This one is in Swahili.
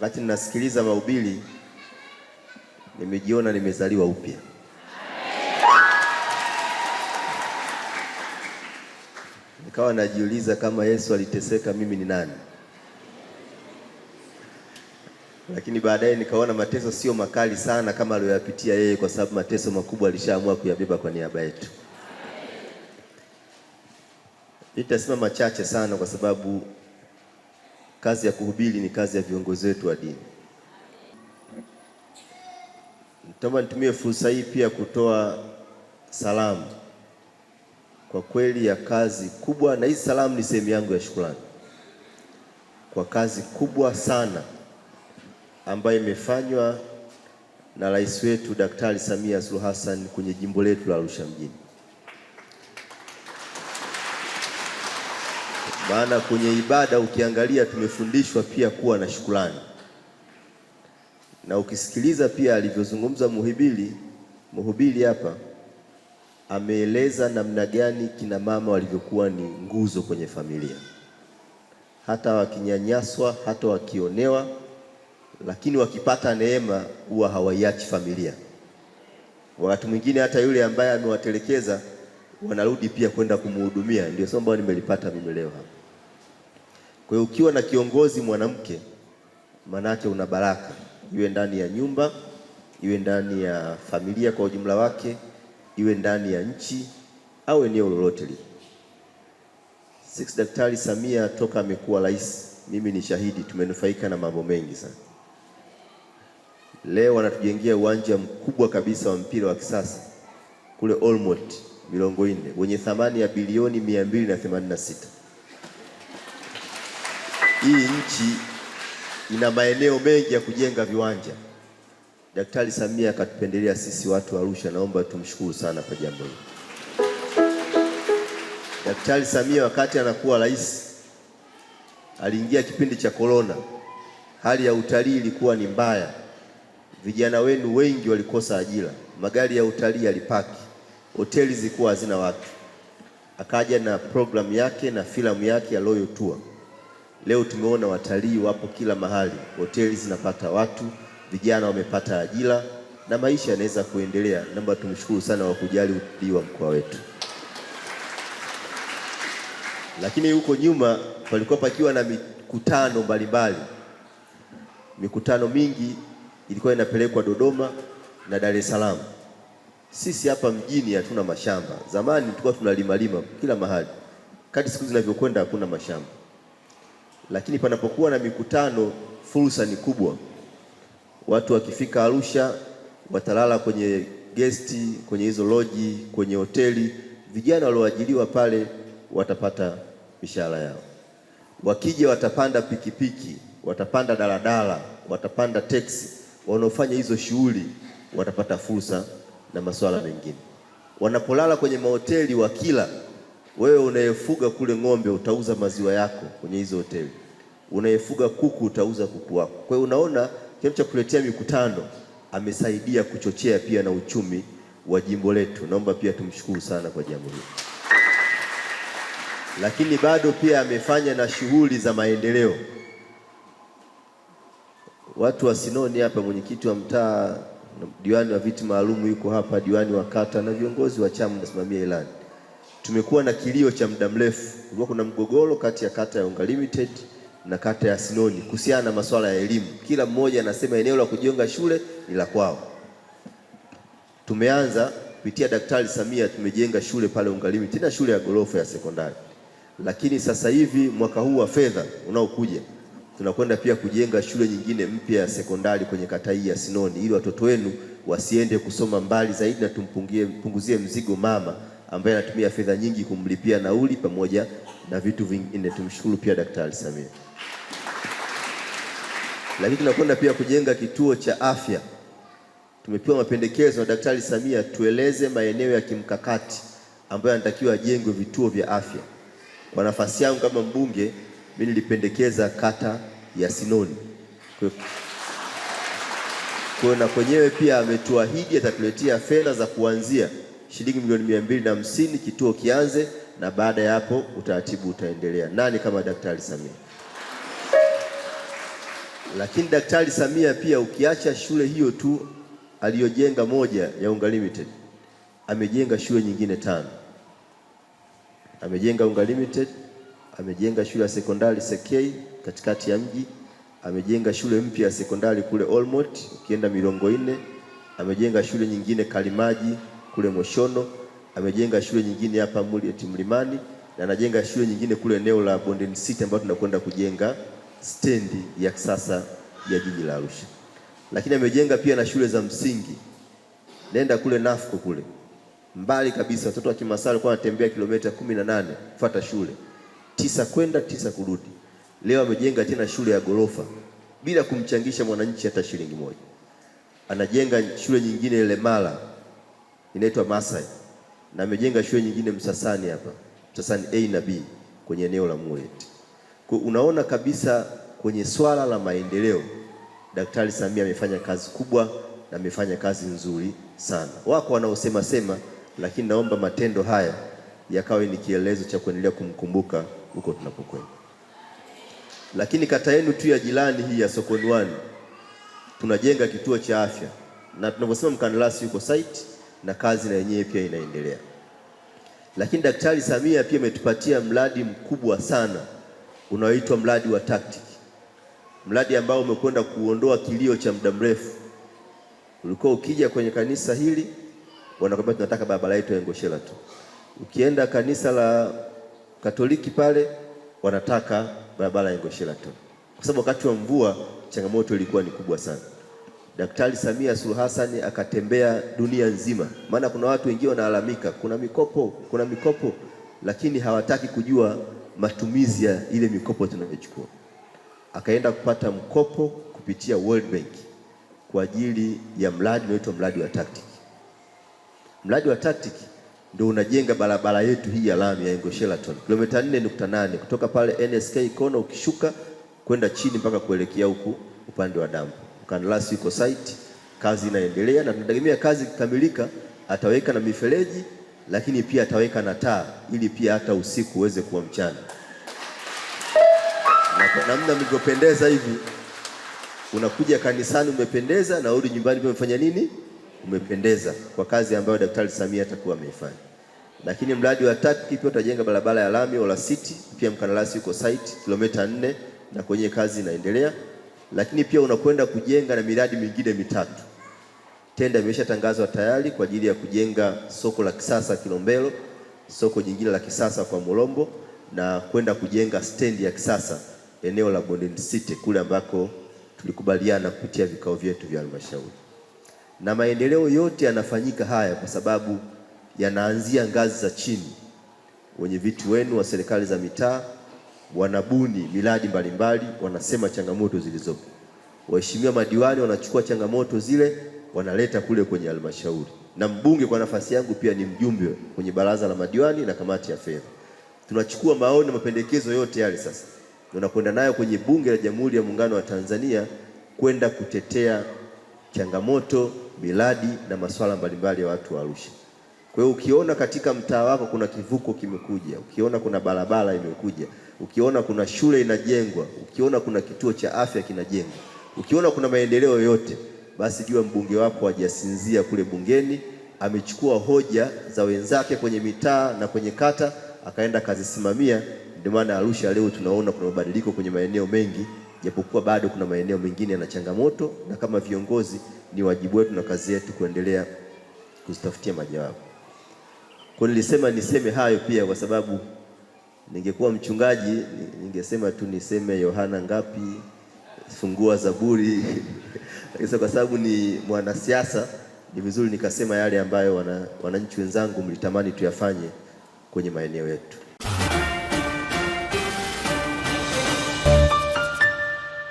Wakati ninasikiliza mahubiri nimejiona nimezaliwa upya. Nikawa najiuliza kama Yesu aliteseka, mimi ni nani? Lakini baadaye nikaona mateso sio makali sana kama aliyoyapitia yeye, kwa sababu mateso makubwa alishaamua kuyabeba kwa niaba yetu. Nitasema machache sana kwa sababu kazi ya kuhubiri ni kazi ya viongozi wetu wa dini. Naomba nitumie fursa hii pia kutoa salamu kwa kweli ya kazi kubwa, na hii salamu ni sehemu yangu ya shukrani kwa kazi kubwa sana ambayo imefanywa na rais wetu Daktari Samia Suluhu Hassan kwenye jimbo letu la Arusha mjini. Maana kwenye ibada ukiangalia, tumefundishwa pia kuwa na shukrani, na ukisikiliza pia alivyozungumza mhubiri mhubiri hapa, ameeleza namna gani kina mama walivyokuwa ni nguzo kwenye familia, hata wakinyanyaswa, hata wakionewa, lakini wakipata neema huwa hawaiachi familia. Wakati mwingine hata yule ambaye amewatelekeza wanarudi pia kwenda kumhudumia. Ndio somo ambalo nimelipata mimi leo hapa. Kwa hiyo ukiwa na kiongozi mwanamke, manake una baraka, iwe ndani ya nyumba, iwe ndani ya familia kwa ujumla wake, iwe ndani ya nchi au eneo lolote lile. Six Daktari Samia toka amekuwa rais, mimi ni shahidi, tumenufaika na mambo mengi sana. Leo wanatujengea uwanja mkubwa kabisa wa mpira wa kisasa kule Olmot Milongo Inde wenye thamani ya bilioni 286. Hii nchi ina maeneo mengi ya kujenga viwanja. Daktari Samia akatupendelea sisi watu wa Arusha, naomba tumshukuru sana kwa jambo hili. Daktari Samia wakati anakuwa rais aliingia kipindi cha korona, hali ya utalii ilikuwa ni mbaya, vijana wenu wengi walikosa ajira, magari ya utalii yalipaki, hoteli zilikuwa hazina watu. Akaja na programu yake na filamu yake ya Royal Tour Leo tumeona watalii wapo kila mahali, hoteli zinapata watu, vijana wamepata ajira na maisha yanaweza kuendelea. Naomba tumshukuru sana wa kujali utalii wa mkoa wetu. Lakini huko nyuma palikuwa pakiwa na mikutano mbalimbali, mikutano mingi ilikuwa inapelekwa Dodoma na Dar es Salaam. Sisi hapa mjini hatuna mashamba. Zamani tulikuwa tunalimalima kila mahali, kadri siku zinavyokwenda hakuna mashamba lakini panapokuwa na mikutano fursa ni kubwa. Watu wakifika Arusha watalala kwenye gesti, kwenye hizo loji, kwenye hoteli. Vijana walioajiriwa pale watapata mishahara yao, wakija watapanda pikipiki, watapanda daladala, watapanda teksi. Wanaofanya hizo shughuli watapata fursa na masuala mengine. Wanapolala kwenye mahoteli wakila, wewe unayefuga kule ng'ombe utauza maziwa yako kwenye hizo hoteli unayefuga kuku utauza kuku wako. Kwa hiyo unaona kitendo cha kuletea mikutano amesaidia kuchochea pia na uchumi wa jimbo letu. Naomba pia tumshukuru sana kwa jambo hili, lakini bado pia amefanya na shughuli za maendeleo. Watu wa Sinoni hapa, mwenyekiti wa mtaa, diwani wa viti maalum yuko hapa, diwani wa kata na viongozi wa chama nasimamia ilani. Tumekuwa na kilio cha muda mrefu, kulikuwa kuna mgogoro kati ya kata ya Unga Limited na kata ya sinoni kuhusiana na masuala ya elimu. Kila mmoja anasema eneo la kujenga shule ni la kwao. Tumeanza kupitia Daktari Samia, tumejenga shule pale Ungalimi, tena shule ya gorofa ya sekondari, lakini sasa hivi mwaka huu wa fedha unaokuja tunakwenda pia kujenga shule nyingine mpya ya sekondari kwenye kata hii ya Sinoni ili watoto wenu wasiende kusoma mbali zaidi na mpunguzie mzigo mama ambaye anatumia fedha nyingi kumlipia nauli pamoja na vitu vingine. Tumshukuru pia Daktari Samia. Lakini tunakwenda pia kujenga kituo cha afya. Tumepewa mapendekezo na Daktari Samia tueleze maeneo ya kimkakati ambayo anatakiwa ajengwe vituo vya afya. Kwa nafasi yangu kama mbunge, mimi nilipendekeza kata ya Sinoni. Kwa na kwenyewe pia ametuahidi atatuletea fedha za kuanzia shilingi milioni mia mbili na hamsini kituo kianze, na baada ya hapo utaratibu utaendelea. Nani kama Daktari Samia? Lakini Daktari Samia pia, ukiacha shule hiyo tu aliyojenga moja ya Unga Limited, amejenga shule nyingine tano. Amejenga Unga Limited, amejenga shule ya sekondari Sekei katikati ya mji, amejenga shule mpya ya sekondari kule Olmot, ukienda Milongo Ine, amejenga shule nyingine Kalimaji kule Moshono, amejenga shule nyingine hapa Murieti Mlimani na anajenga shule nyingine kule eneo la Bondeni City ambayo tunakwenda kujenga stendi ya kisasa ya jiji la Arusha. Lakini amejenga pia na shule za msingi. Nenda kule Nafuko kule. Mbali kabisa watoto wa Kimasai walikuwa wanatembea kilomita 18 kufuata shule. Tisa kwenda tisa kurudi. Leo amejenga tena shule ya gorofa bila kumchangisha mwananchi hata shilingi moja. Anajenga shule nyingine ile Lemala inaitwa Masai na amejenga shule nyingine Msasani hapa, Msasani A na B kwenye eneo la Muleti. Kwa unaona kabisa kwenye swala la maendeleo Daktari Samia amefanya kazi kubwa na amefanya kazi nzuri sana. Wako wanaosema sema, lakini naomba matendo haya yakawe ni kielezo cha kuendelea kumkumbuka huko tunapokwenda. Lakini kata yenu tu ya jirani hii ya Sokoni 1 tunajenga kituo cha afya, na tunavyosema mkandarasi yuko site na kazi na yenyewe pia inaendelea. Lakini Daktari Samia pia ametupatia mradi mkubwa sana unaoitwa mradi wa TACTIC, mradi ambao umekwenda kuondoa kilio cha muda mrefu. Ulikuwa ukija kwenye kanisa hili wanakwambia tunataka barabara yetu ya tu, ukienda kanisa la Katoliki pale wanataka barabara ya Ngoshela tu, kwa sababu wakati wa mvua changamoto ilikuwa ni kubwa sana. Daktari Samia Suluhu Hassan akatembea dunia nzima, maana kuna watu wengine wanalalamika, kuna mikopo, kuna mikopo, lakini hawataki kujua matumizi ya ile mikopo tunayochukua. Akaenda kupata mkopo kupitia World Bank kwa ajili ya mradi unaoitwa mradi wa TACTIC. Mradi wa TACTIC ndio unajenga barabara yetu hii ya lami ya Engo Sheraton kilomita 4.8 kutoka pale NSK Kono ukishuka kwenda chini mpaka kuelekea huku upande wa dampo mkandarasi yuko site, kazi inaendelea na tunategemea kazi ikikamilika ataweka na mifereji, lakini pia ataweka na taa ili pia hata usiku uweze kuwa mchana. Na kwa namna mlivyopendeza hivi, unakuja kanisani umependeza, na urudi nyumbani pia umefanya nini? Umependeza kwa kazi ambayo Daktari Samia atakuwa ameifanya lakini mradi wa tatu pia utajenga barabara ya lami Ola City, pia mkandarasi yuko site kilomita nne na kwenye kazi inaendelea lakini pia unakwenda kujenga na miradi mingine mitatu. Tenda imeshatangazwa tayari kwa ajili ya kujenga soko la kisasa Kilombero, soko jingine la kisasa kwa Morombo na kwenda kujenga stendi ya kisasa eneo la Bondeni City kule ambako tulikubaliana kupitia vikao vyetu vya halmashauri. Na maendeleo yote yanafanyika haya kwa sababu yanaanzia ngazi za chini, wenye viti wenu wa serikali za mitaa wanabuni miradi mbalimbali, wanasema changamoto zilizopo. Waheshimiwa madiwani wanachukua changamoto zile wanaleta kule kwenye halmashauri, na mbunge kwa nafasi yangu pia ni mjumbe kwenye baraza la madiwani na kamati ya fedha. Tunachukua maoni na mapendekezo yote yale, sasa tunakwenda nayo kwenye Bunge la Jamhuri ya Muungano wa Tanzania kwenda kutetea changamoto, miradi na masuala mbalimbali ya watu wa Arusha. Kwa hiyo ukiona katika mtaa wako kuna kivuko kimekuja, ukiona kuna barabara imekuja, ukiona kuna shule inajengwa, ukiona kuna kituo cha afya kinajengwa, ukiona kuna maendeleo yoyote, basi jua mbunge wako hajasinzia kule bungeni, amechukua hoja za wenzake kwenye mitaa na kwenye kata akaenda kazisimamia. Ndio maana Arusha leo tunaona kuna mabadiliko kwenye maeneo mengi, japokuwa bado kuna maeneo mengine yana changamoto, na kama viongozi ni wajibu wetu na kazi yetu kuendelea kuzitafutia majawabu. Kwa nilisema niseme hayo pia kwa sababu ningekuwa mchungaji ningesema tu niseme Yohana ngapi, fungua Zaburi kwa sababu ni mwanasiasa, ni vizuri nikasema yale ambayo wananchi wana wenzangu mlitamani tuyafanye kwenye maeneo yetu.